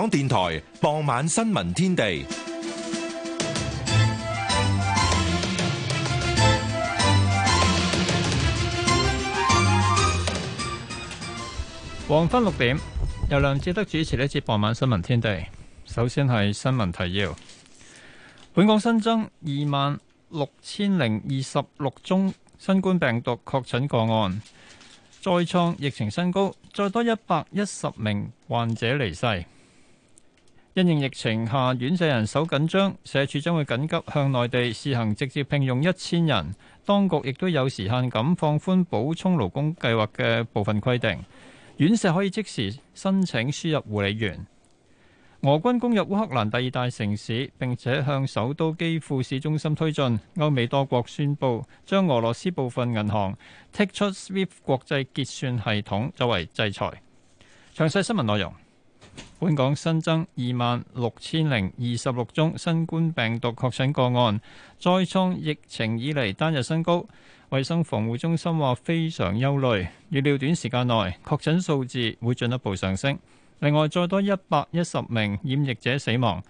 港電台傍晚新聞天地，黃昏六點由梁志德主持呢節傍晚新聞天地。首先係新聞提要：本港新增二萬六千零二十六宗新冠病毒確診個案，再創疫情新高，再多一百一十名患者離世。因應疫情下院舍人手緊張，社署將會緊急向內地試行直接聘用一千人。當局亦都有時限咁放寬補充勞工計劃嘅部分規定，院舍可以即時申請輸入護理員。俄軍攻入烏克蘭第二大城市，並且向首都基輔市中心推進。歐美多國宣布將俄羅斯部分銀行剔出 SWIFT 國際結算系統作為制裁。詳細新聞內容。本港新增二萬六千零二十六宗新冠病毒確診個案，再創疫情以嚟單日新高。衛生防護中心話非常憂慮，預料短時間內確診數字會進一步上升。另外，再多一百一十名染疫者死亡，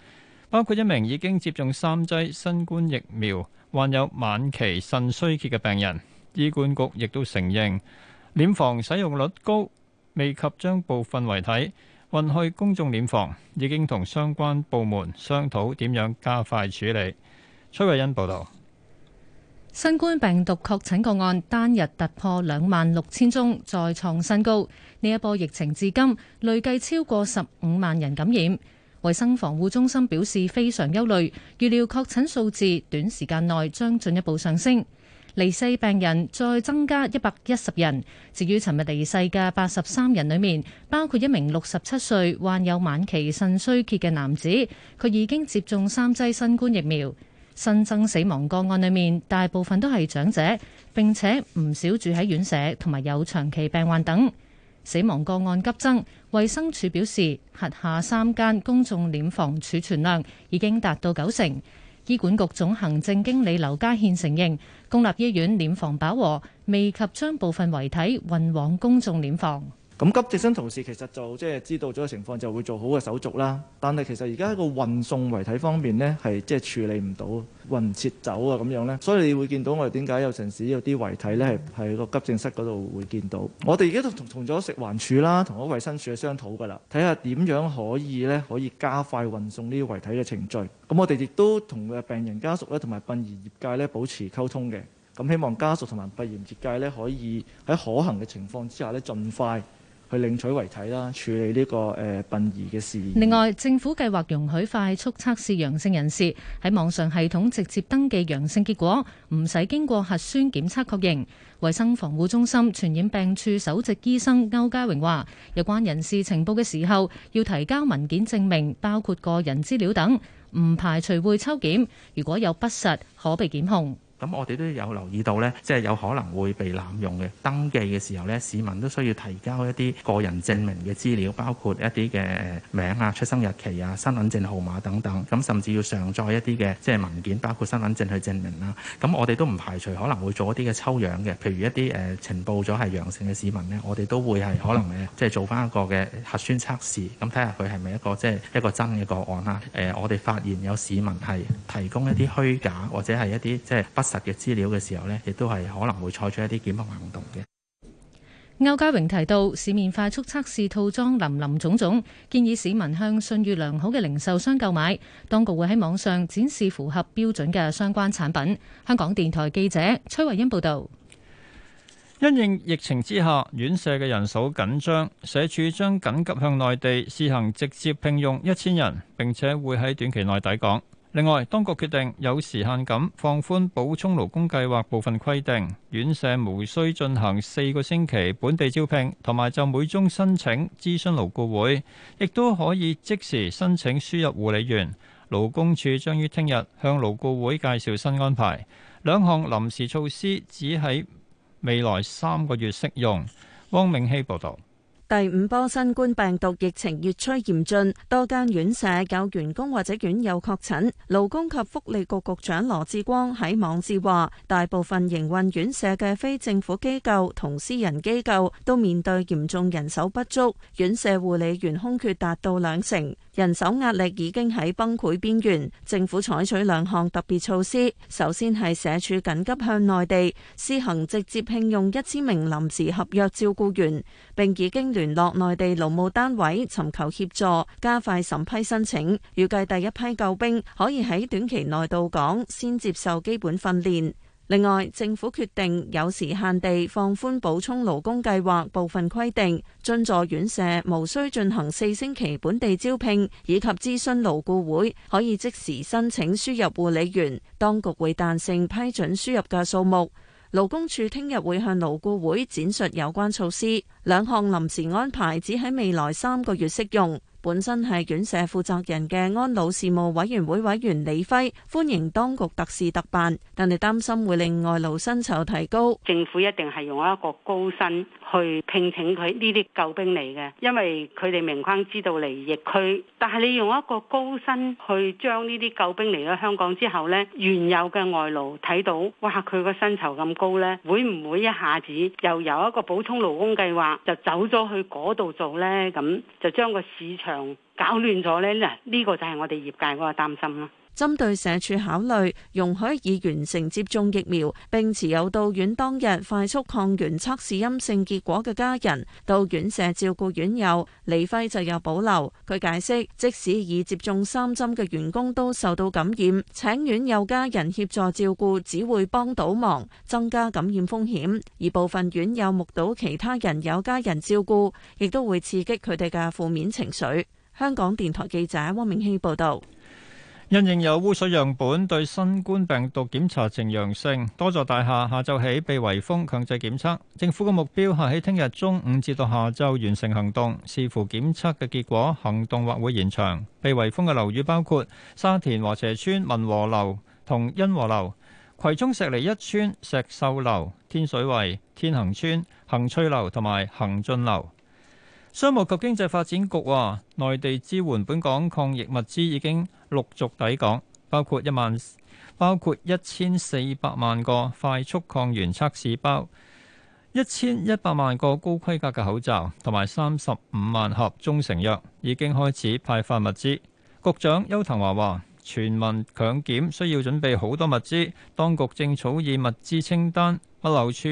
包括一名已經接種三劑新冠疫苗，患有晚期腎衰竭嘅病人。醫管局亦都承認殮房使用率高，未及將部分遺體。運去公眾殮房，已經同相關部門商討點樣加快處理。崔慧欣報導，新冠病毒確診個案單日突破兩萬六千宗，再創新高。呢一波疫情至今累計超過十五萬人感染，衛生防護中心表示非常憂慮，預料確診數字短時間內將進一步上升。離世病人再增加一百一十人，至於尋日離世嘅八十三人裏面，包括一名六十七歲患有晚期腎衰竭嘅男子，佢已經接種三劑新冠疫苗。新增死亡個案裏面，大部分都係長者，並且唔少住喺院舍同埋有長期病患等。死亡個案急增，衛生署表示，轄下三間公眾殮房儲存量已經達到九成。醫管局總行政經理劉家憲承認，公立醫院殮房飽和，未及將部分遺體運往公眾殮房。咁急症室同事其實就即係、就是、知道咗個情況，就會做好嘅手續啦。但係其實而家喺個運送遺體方面咧，係即係處理唔到，運唔切走啊咁樣咧。所以你會見到我哋點解有陣時有啲遺體咧係喺個急症室嗰度會見到。我哋而家都同咗食環署啦，同咗衞生署商討㗎啦，睇下點樣可以咧可以加快運送呢啲遺體嘅程序。咁我哋亦都同病人家屬咧，同埋殯儀業界咧保持溝通嘅。咁希望家屬同埋殯儀業界咧可以喺可行嘅情況之下咧，盡快，去領取遺體啦，處理呢個誒殯儀嘅事。另外，政府計劃容許快速測試陽性人士喺網上系統直接登記陽性結果，唔使經過核酸檢測確認。衞生防護中心傳染病處首席醫生歐家榮話：有關人士呈報嘅時候，要提交文件證明，包括個人資料等，唔排除會抽檢。如果有不實，可被檢控。咁我哋都有留意到咧，即係有可能會被濫用嘅登記嘅時候咧，市民都需要提交一啲個人證明嘅資料，包括一啲嘅、誒名啊、出生日期啊、身份證號碼等等。咁甚至要上載一啲嘅，即係文件，包括身份證去證明啦。咁我哋都唔排除可能會做一啲嘅抽樣嘅，譬如一啲誒、呃呃、呈報咗係陽性嘅市民咧，我哋都會係可能誒即係做翻一個嘅核酸測試，咁睇下佢係咪一個即係一個真嘅個案啦。誒、呃、我哋發現有市民係提供一啲虛假或者係一啲即係。不實嘅資料嘅時候咧，亦都係可能會採取一啲檢控行動嘅。歐家榮提到，市面快速測試套裝林林種種，建議市民向信譽良好嘅零售商購買。當局會喺網上展示符合標準嘅相關產品。香港電台記者崔慧欣報導。因應疫情之下，院舍嘅人數緊張，社署將緊急向內地試行直接聘用一千人，並且會喺短期內抵港。另外，當局決定有時限咁放寬補充勞工計劃部分規定，院舍無需進行四個星期本地招聘，同埋就每宗申請諮詢勞顧會，亦都可以即時申請輸入護理員。勞工處將於聽日向勞顧會介紹新安排，兩項臨時措施只喺未來三個月適用。汪明希報導。第五波新冠病毒疫情越趨嚴峻，多間院舍有員工或者院友確診。勞工及福利局局長羅志光喺網誌話，大部分營運院舍嘅非政府機構同私人機構都面對嚴重人手不足，院舍護理員空缺達到兩成，人手壓力已經喺崩潰邊緣，政府採取兩項特別措施，首先係社署緊急向內地施行直接聘用一千名臨時合約照顧員，並已經聯。聯絡內地勞務單位，尋求協助，加快審批申請。預計第一批救兵可以喺短期內到港，先接受基本訓練。另外，政府決定有時限地放寬補充勞工計劃部分規定，津助院舍無需進行四星期本地招聘，以及諮詢勞雇會，可以即時申請輸入護理員。當局會彈性批准輸入嘅數目。勞工處聽日會向勞顧會展述有關措施，兩項臨時安排只喺未來三個月適用。本身係院舍負責人嘅安老事務委員會委員李輝歡迎當局特事特辦，但係擔心會令外勞薪酬提高。政府一定係用一個高薪。去聘請佢呢啲救兵嚟嘅，因為佢哋明框知道嚟疫區，但係你用一個高薪去將呢啲救兵嚟咗香港之後呢，原有嘅外勞睇到，哇佢個薪酬咁高呢，會唔會一下子又由一個補充勞工計劃就走咗去嗰度做呢？咁就將個市場搞亂咗呢。嗱，呢個就係我哋業界嗰個擔心啦。針對社署考慮容許已完成接種疫苗並持有到院當日快速抗原測試陰性結果嘅家人到院舍照顧院友，李輝就有保留。佢解釋，即使已接種三針嘅員工都受到感染，請院友家人協助照顧，只會幫倒忙，增加感染風險。而部分院友目睹其他人有家人照顧，亦都會刺激佢哋嘅負面情緒。香港電台記者汪明希報導。因應有污水樣本對新冠病毒檢查呈陽性，多座大廈下晝起被圍封強制檢測。政府嘅目標係喺聽日中午至到下晝完成行動，視乎檢測嘅結果，行動或會延長。被圍封嘅樓宇包括沙田禾輋村民和樓同恩和樓、葵涌石梨一村石秀樓、天水圍天恒村恒翠樓同埋恒進樓。商務及經濟發展局話，內地支援本港抗疫物資已經陸續抵港，包括一萬、包括一千四百萬個快速抗原測試包、一千一百萬個高規格嘅口罩，同埋三十五萬盒中成藥，已經開始派發物資。局長邱騰華話，全民強檢需要準備好多物資，當局正草擬物資清單、不漏處。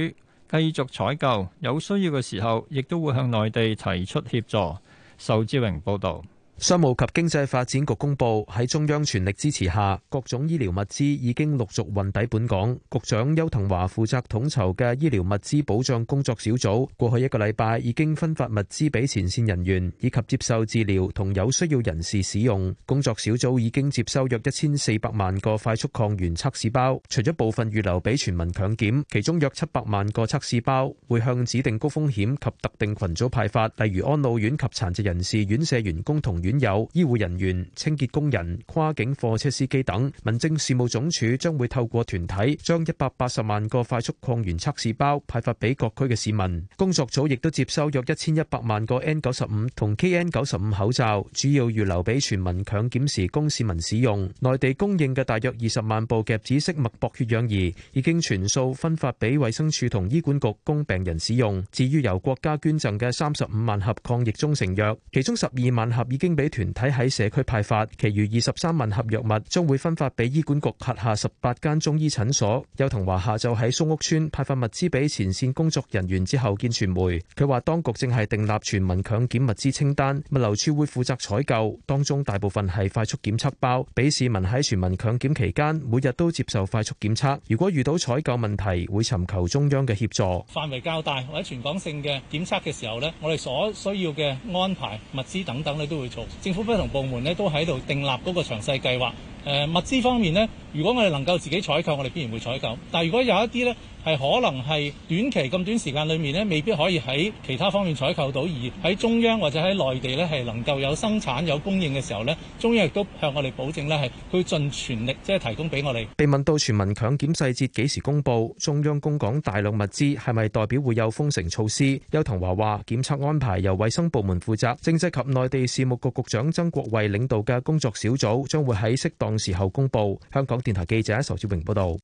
繼續採購，有需要嘅時候，亦都會向內地提出協助。仇志榮報導。商務及經濟發展局公佈喺中央全力支持下，各種醫療物資已經陸續運抵本港。局長邱騰華負責統籌嘅醫療物資保障工作小組，過去一個禮拜已經分發物資俾前線人員以及接受治療同有需要人士使用。工作小組已經接收約一千四百萬個快速抗原測試包，除咗部分預留俾全民強檢，其中約七百萬個測試包會向指定高風險及特定群組派發，例如安老院及殘疾人士、院舍員工同院。有醫護人員、清潔工人、跨境貨車司機等。民政事務總署將會透過團體，將一百八十萬個快速抗原測試包派發俾各區嘅市民。工作組亦都接收約一千一百萬個 N 九十五同 KN 九十五口罩，主要預留俾全民強檢時供市民使用。內地供應嘅大約二十萬部夾子式脈搏血氧儀，已經全數分發俾衛生署同醫管局供病人使用。至於由國家捐贈嘅三十五萬盒抗疫中成藥，其中十二萬盒已經。俾團體喺社區派發，其餘二十三萬盒藥物將會分發俾醫管局轄下十八間中醫診所。邱騰華下晝喺松屋村派發物資俾前線工作人員之後見傳媒，佢話當局正係訂立全民強檢物資清單，物流處會負責採購，當中大部分係快速檢測包，俾市民喺全民強檢期間每日都接受快速檢測。如果遇到採購問題，會尋求中央嘅協助。範圍較大或者全港性嘅檢測嘅時候呢，我哋所需要嘅安排物資等等你都會做。政府不同部門咧都喺度訂立嗰個詳細計劃。誒物資方面咧，如果我哋能夠自己採購，我哋必然會採購。但係如果有一啲咧係可能係短期咁短時間裡面咧，未必可以喺其他方面採購到，而喺中央或者喺內地咧係能夠有生產有供應嘅時候咧，中央亦都向我哋保證咧係去盡全力即係提供俾我哋。被問到全民強檢細節幾時公佈，中央供港大量物資係咪代表會有封城措施？邱騰華話：檢測安排由衛生部門負責，政制及內地事務局局長曾國衛領導嘅工作小組將會喺適當同時候公布。香港電台記者仇志榮報道。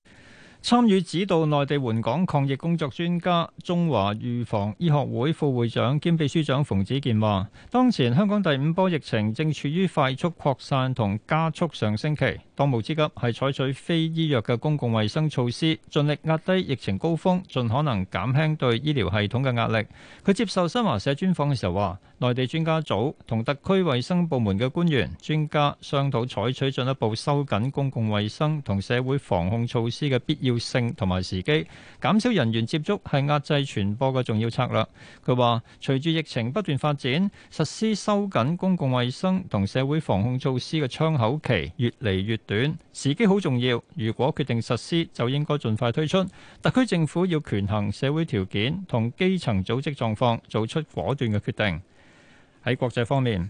參與指導內地援港抗疫工作專家、中華預防醫學會副會長兼秘書長馮子健話，當前香港第五波疫情正處於快速擴散同加速上升期，當務之急係採取非醫藥嘅公共衛生措施，盡力壓低疫情高峰，盡可能減輕對醫療系統嘅壓力。佢接受新華社專訪嘅時候話，內地專家組同特區衛生部門嘅官員、專家商討採取進一步收緊公共衛生同社會防控措施嘅必要性同埋時機，減少人員接觸係壓制傳播嘅重要策略。佢話，隨住疫情不斷發展，實施收緊公共衛生同社會防控措施嘅窗口期越嚟越短，時機好重要。如果決定實施，就應該盡快推出。特區政府要權衡社會條件同基層組織狀況，做出果斷嘅決定。喺國際方面。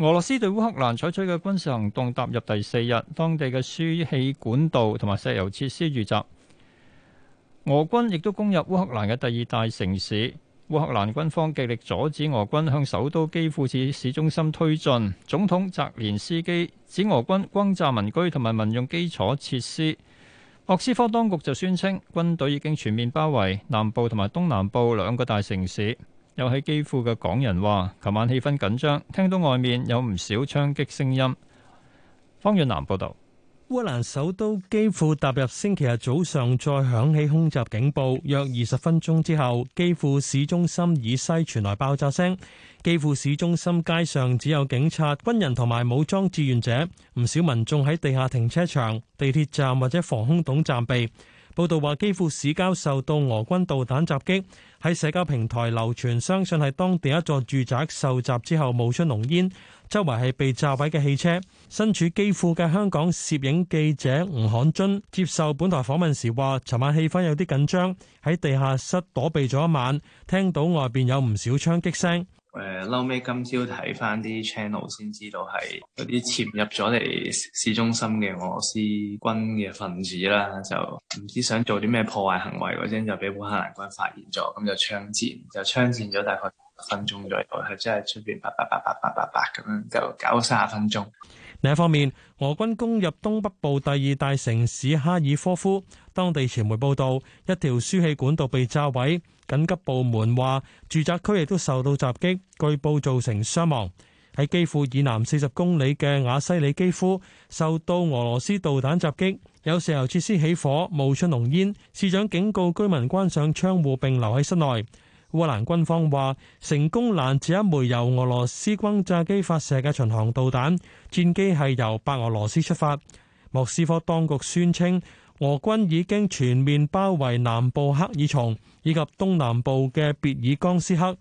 俄羅斯對烏克蘭採取嘅軍事行動踏入第四日，當地嘅輸氣管道同埋石油設施遇襲，俄軍亦都攻入烏克蘭嘅第二大城市。烏克蘭軍方極力阻止俄軍向首都基輔市市中心推進，總統澤連斯基指俄軍轟炸民居同埋民用基礎設施。莫斯科當局就宣稱軍隊已經全面包圍南部同埋東南部兩個大城市。有喺基輔嘅港人話，琴晚氣氛緊張，聽到外面有唔少槍擊聲音。方遠南報道，烏克蘭首都基輔踏入星期日早上，再響起空襲警報，約二十分鐘之後，基輔市中心以西傳來爆炸聲。基輔市中心街上只有警察、軍人同埋武裝志願者，唔少民眾喺地下停車場、地鐵站或者防空洞暫避。報道話，基輔市郊受到俄軍導彈襲擊，喺社交平台流傳相信係當地一座住宅受襲之後冒出濃煙，周圍係被炸毀嘅汽車。身處基輔嘅香港攝影記者吳漢津津接受本台訪問時話，尋晚氣氛有啲緊張，喺地下室躲避咗一晚，聽到外邊有唔少槍擊聲。誒嬲尾，今朝睇翻啲 channel 先知道係嗰啲潛入咗嚟市中心嘅俄羅斯軍嘅分子啦，就唔知想做啲咩破壞行為，嗰陣就俾烏克蘭軍發現咗，咁就槍戰就槍戰咗大概一分鐘左右，佢真係出邊叭叭叭叭叭叭咁樣就搞咗三十分鐘。另一方面，俄軍攻入東北部第二大城市哈爾科夫，當地傳媒報道一條輸氣管道被炸毀，緊急部門話住宅區亦都受到襲擊，據報造成傷亡。喺基庫以南四十公里嘅瓦西里基夫受到俄羅斯導彈襲擊，有石油設施起火冒出濃煙，市長警告居民關上窗戶並留喺室內。波蘭軍方話成功攔截一枚由俄羅斯轟炸機發射嘅巡航導彈，戰機係由白俄羅斯出發。莫斯科當局宣稱俄軍已經全面包圍南部赫爾松以及東南部嘅別爾江斯克。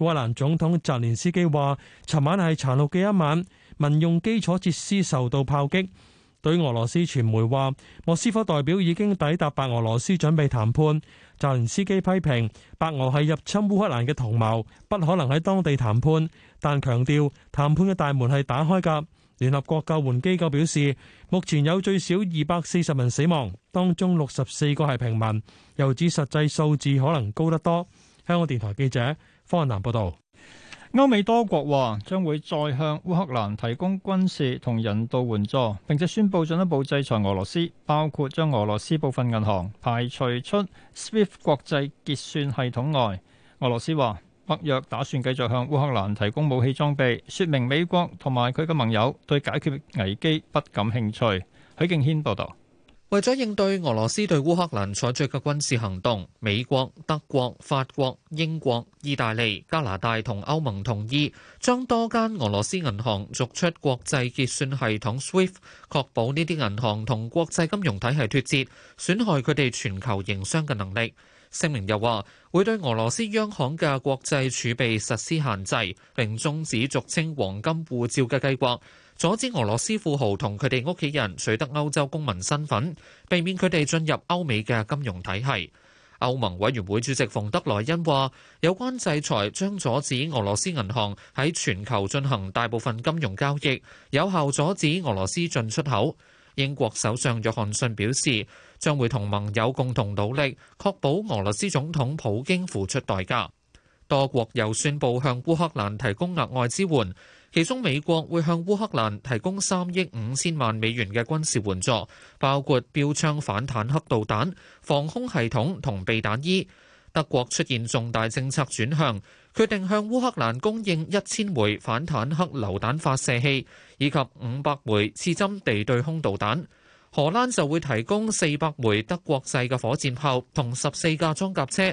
烏克蘭總統澤連斯基話：尋晚係殘酷嘅一晚，民用基礎設施受到炮擊。對俄羅斯傳媒話，莫斯科代表已經抵達白俄羅斯準備談判。澤連斯基批評白俄係入侵烏克蘭嘅同謀，不可能喺當地談判，但強調談判嘅大門係打開噶。聯合國救援機構表示，目前有最少二百四十人死亡，當中六十四個係平民，又指實際數字可能高得多。香港電台記者方運南報道。歐美多國話將會再向烏克蘭提供軍事同人道援助，並且宣佈進一步制裁俄羅斯，包括將俄羅斯部分銀行排除出 SWIFT 國際結算系統外。俄羅斯話北約打算繼續向烏克蘭提供武器裝備，說明美國同埋佢嘅盟友對解決危機不感興趣。許敬軒報道。為咗應對俄羅斯對烏克蘭採取嘅軍事行動，美國、德國、法國、英國、意大利、加拿大同歐盟同意將多間俄羅斯銀行逐出國際結算系統 SWIFT，確保呢啲銀行同國際金融體系脫節，損害佢哋全球營商嘅能力。聲明又話會對俄羅斯央行嘅國際儲備實施限制，並終止俗稱黃金護照嘅計劃。阻止俄羅斯富豪同佢哋屋企人取得歐洲公民身份，避免佢哋進入歐美嘅金融體系。歐盟委員會主席馮德萊恩話：有關制裁將阻止俄羅斯銀行喺全球進行大部分金融交易，有效阻止俄羅斯進出口。英國首相約翰遜表示，將會同盟友共同努力，確保俄羅斯總統普京付出代價。多國又宣佈向烏克蘭提供額外支援，其中美國會向烏克蘭提供三億五千萬美元嘅軍事援助，包括標槍反坦克導彈、防空系統同避彈衣。德國出現重大政策轉向，決定向烏克蘭供應一千枚反坦克榴彈發射器以及五百枚刺針地對空導彈。荷蘭就會提供四百枚德國製嘅火箭炮同十四架裝甲車。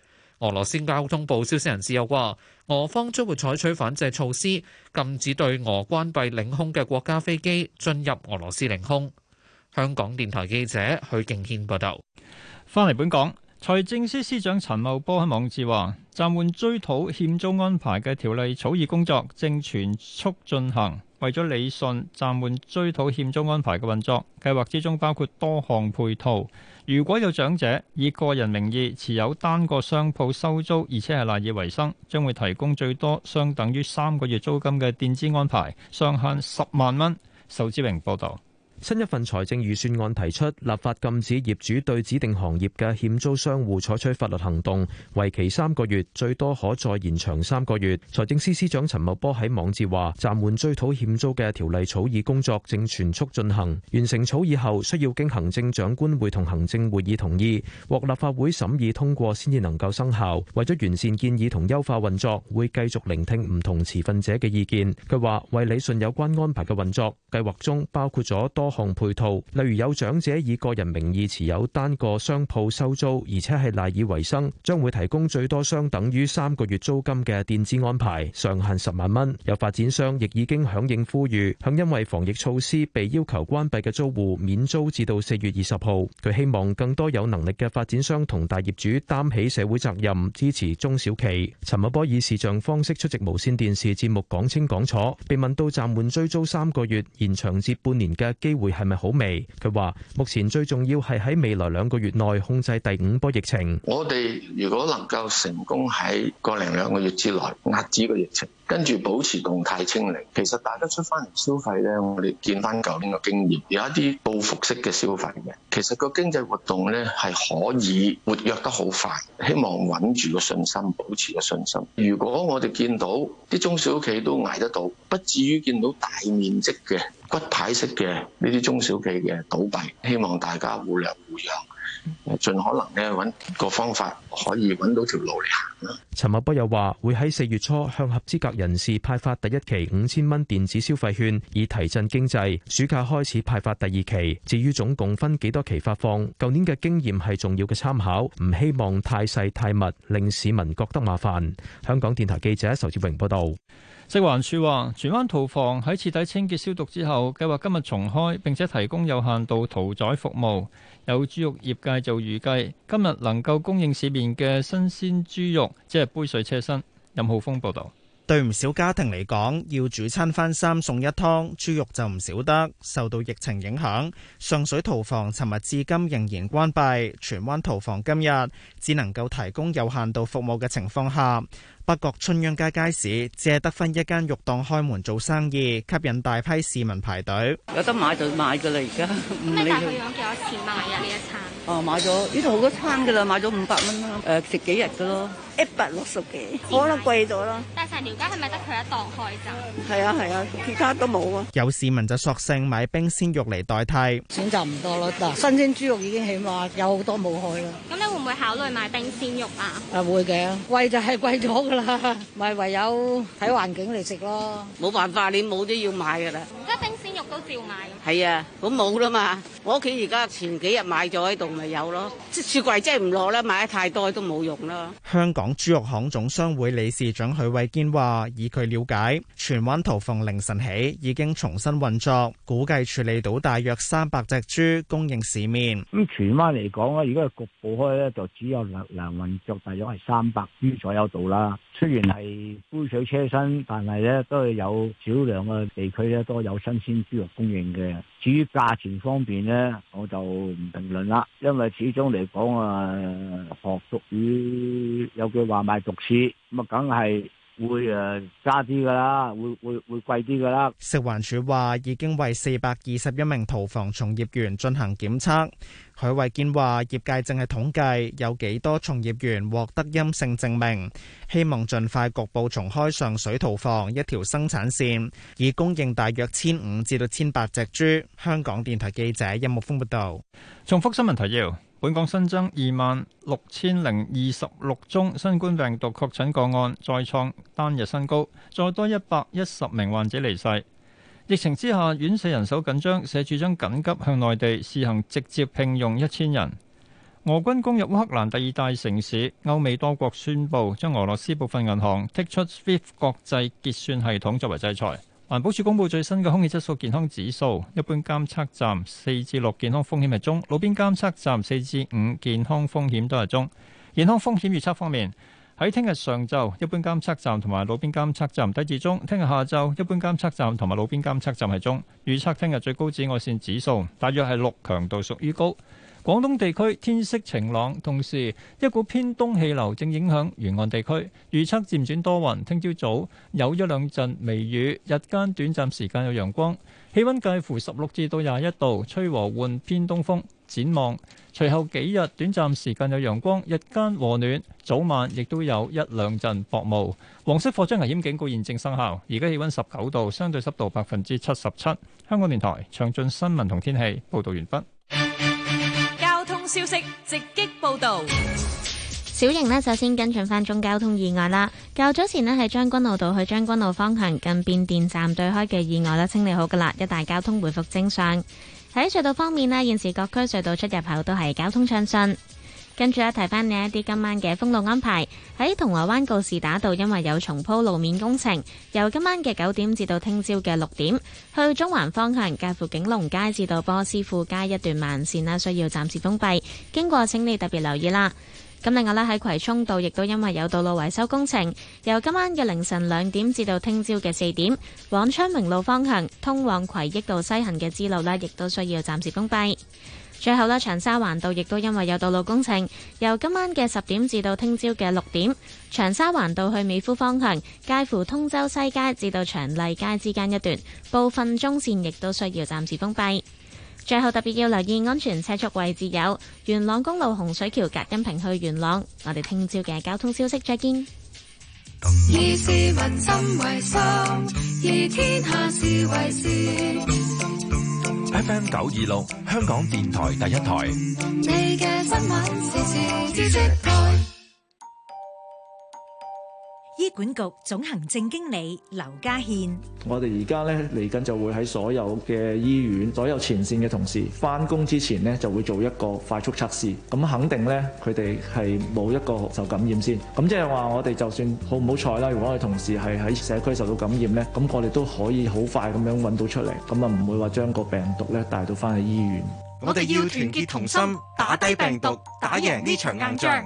俄羅斯交通部消息人士又話，俄方將會採取反制措施，禁止對俄關閉領空嘅國家飛機進入俄羅斯領空。香港電台記者許敬軒報導。翻嚟本港，財政司司長陳茂波喺網誌話，暫緩追討欠租安排嘅條例草擬工作正全速進行，為咗理順暫緩追討欠租安排嘅運作，計劃之中包括多項配套。如果有長者以個人名義持有單個商鋪收租，而且係賴以維生，將會提供最多相等於三個月租金嘅墊資安排，上限十萬蚊。壽志榮報導。新一份財政預算案提出，立法禁止業主對指定行業嘅欠租商戶採取法律行動，為期三個月，最多可再延長三個月。財政司司長陳茂波喺網誌話：暫緩追討欠租嘅條例草擬工作正全速進行，完成草擬後需要經行政長官會同行政會議同意，獲立法會審議通過先至能夠生效。為咗完善建議同優化運作，會繼續聆聽唔同持份者嘅意見。佢話：為理順有關安排嘅運作，計劃中包括咗多項配套，例如有長者以個人名義持有單個商鋪收租，而且係賴以為生，將會提供最多相等於三個月租金嘅墊資安排，上限十萬蚊。有發展商亦已經響應呼籲，向因為防疫措施被要求關閉嘅租戶免租至到四月二十號。佢希望更多有能力嘅發展商同大業主擔起社會責任，支持中小企。陳茂波以視像方式出席無線電視節目，講清講楚。被問到暫緩追租三個月，延長至半年嘅機會？會係咪好味？佢話目前最重要係喺未來兩個月內控制第五波疫情。我哋如果能夠成功喺過零兩個月之內壓止個疫情。跟住保持動態清零，其實大家出翻嚟消費呢。我哋見翻舊年個經驗，有一啲報復式嘅消費嘅，其實個經濟活動呢，係可以活躍得好快，希望穩住個信心，保持個信心。如果我哋見到啲中小企都捱得到，不至於見到大面積嘅骨牌式嘅呢啲中小企嘅倒閉，希望大家互諒互讓。我盡可能咧揾個方法，可以揾到條路嚟行啦。陳茂波又話，會喺四月初向合資格人士派發第一期五千蚊電子消費券，以提振經濟。暑假開始派發第二期。至於總共分幾多期發放，舊年嘅經驗係重要嘅參考，唔希望太細太密，令市民覺得麻煩。香港電台記者仇志榮報道。食環署話，荃灣屠房喺徹底清潔消毒之後計劃今日重開，並且提供有限度屠宰服務。有豬肉業界就預計，今日能夠供應市面嘅新鮮豬肉，即係杯水車薪。任浩峰報道。對唔少家庭嚟講，要煮餐翻三餸一湯，豬肉就唔少得。受到疫情影響，上水屠房尋日至今仍然關閉，荃灣屠房今日只能夠提供有限度服務嘅情況下，北角春秧街街市只係得翻一間肉檔開門做生意，吸引大批市民排隊。有得買就買㗎喇。而家咩價？佢用幾多錢買啊？呢一餐。哦，買咗呢度好多餐噶啦，買咗五百蚊啦，誒食幾日噶咯，一百六十幾，可能貴咗咯。但成條街係咪得佢一檔開咋？係啊係啊，其他都冇啊。有市民就索性買冰鮮肉嚟代替，選擇唔多咯。新鮮豬肉已經起碼有好多冇開啦。咁你會唔會考慮買冰鮮肉啊？誒會嘅，貴就係貴咗噶啦，咪唯有睇環境嚟食咯，冇辦法，你冇都要買噶啦。而家冰鮮肉都照買。係啊，咁冇啦嘛，我屋企而家前幾日買咗喺度。咪有咯，即雪櫃真係唔落啦，買得太多都冇用啦。香港豬肉行總商會理事長許偉堅話，以佢了解，荃灣屠房凌晨起已經重新運作，估計處理到大約三百隻豬，供應市面。咁荃灣嚟講咧，如果係局部開咧，就只有兩兩運作，大約係三百隻左右度啦。雖然係杯水車薪，但係咧都係有少量嘅地區咧都有新鮮豬肉供應嘅。至於價錢方面咧，我就唔評論啦，因為始終嚟講啊，學俗語有句話賣俗市，咁啊梗係。會誒加啲噶啦，會會會貴啲噶啦。食環署話已經為四百二十一名屠房從業員進行檢測。許慧健話：業界正係統計有幾多從業員獲得陰性證明，希望盡快局部重開上水屠房一條生產線，以供應大約千五至到千八隻豬。香港電台記者任木峰報道。重複新聞提要。本港新增二萬六千零二十六宗新冠病毒確診個案，再創單日新高，再多一百一十名患者離世。疫情之下，院舍人手緊張，社署將緊急向內地試行直接聘用一千人。俄軍攻入烏克蘭第二大城市，歐美多國宣布將俄羅斯部分銀行剔出 SWIFT 國際結算系統作為制裁。環保署公布最新嘅空氣質素健康指數，一般監測站四至六健康風險係中，路邊監測站四至五健康風險都係中。健康風險預測方面，喺聽日上晝一般監測站同埋路邊監測站低至中，聽日下晝一般監測站同埋路邊監測站係中。預測聽日最高紫外線指數大約係六，強度屬於高。廣東地區天色晴朗，同時一股偏東氣流正影響沿岸地區，預測漸轉多雲。聽朝早有一兩陣微雨，日間短暫時間有陽光，氣温介乎十六至到廿一度，吹和緩偏東風。展望隨後幾日短暫時間有陽光，日間和暖，早晚亦都有一兩陣薄霧。黃色火災危險警告現正生效。而家氣温十九度，相對濕度百分之七十七。香港電台詳盡新聞同天氣報導完畢。消息直擊報道，小瑩咧首先跟進返宗交通意外啦。較早前咧喺將軍澳道去將軍澳方向近變電站對開嘅意外咧清理好噶啦，一帶交通回復正常。喺隧道方面咧，現時各區隧道出入口都係交通暢順。跟住咧，提翻你一啲今晚嘅封路安排。喺銅鑼灣告士打道，因為有重鋪路面工程，由今晚嘅九點至到聽朝嘅六點，去中環方向介乎景隆街至到波斯富街一段慢線啦，需要暫時封閉，經過請你特別留意啦。咁另外咧喺葵涌道，亦都因為有道路維修工程，由今晚嘅凌晨兩點至到聽朝嘅四點，往昌明路方向通往葵益道西行嘅支路咧，亦都需要暫時封閉。最後啦，長沙環道亦都因為有道路工程，由今晚嘅十點至到聽朝嘅六點，長沙環道去美孚方向介乎通州西街至到長麗街之間一段部分中綫亦都需要暫時封閉。最後特別要留意安全車速位置，有元朗公路洪水橋隔音屏去元朗。我哋聽朝嘅交通消息再見。以 FM 九二六，26，香港電台第一台。醫管局總行政經理劉家憲：我哋而家咧嚟緊就會喺所有嘅醫院、所有前綫嘅同事翻工之前咧就會做一個快速測試，咁肯定咧佢哋係冇一個受感染先。咁即係話我哋就算好唔好彩啦，如果我哋同事係喺社區受到感染咧，咁我哋都可以好快咁樣揾到出嚟，咁啊唔會話將個病毒咧帶到翻去醫院。我哋要團結同心，打低病毒，打贏呢場硬仗。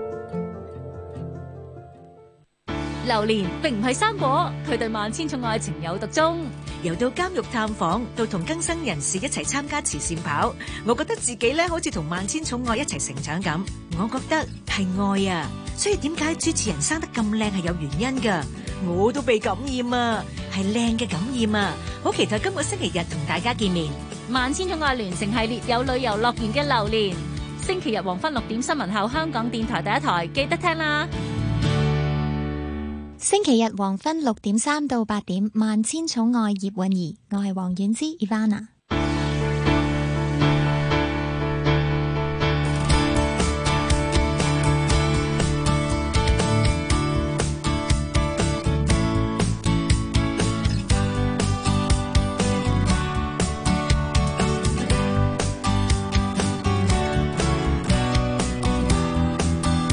榴蓮並唔係生果，佢對萬千寵愛情有獨鍾。由到監獄探訪，到同更生人士一齊參加慈善跑，我覺得自己咧好似同萬千寵愛一齊成長咁。我覺得係愛啊！所以點解主持人生得咁靚係有原因㗎。我都被感染啊，係靚嘅感染啊！好期待今個星期日同大家見面。萬千寵愛聯乘系列有旅遊樂園嘅榴蓮。星期日黃昏六點新聞後，香港電台第一台記得聽啦。星期日黃昏六點三到八點，萬千寵愛葉韻兒，我係王菀之 Ivana。Iv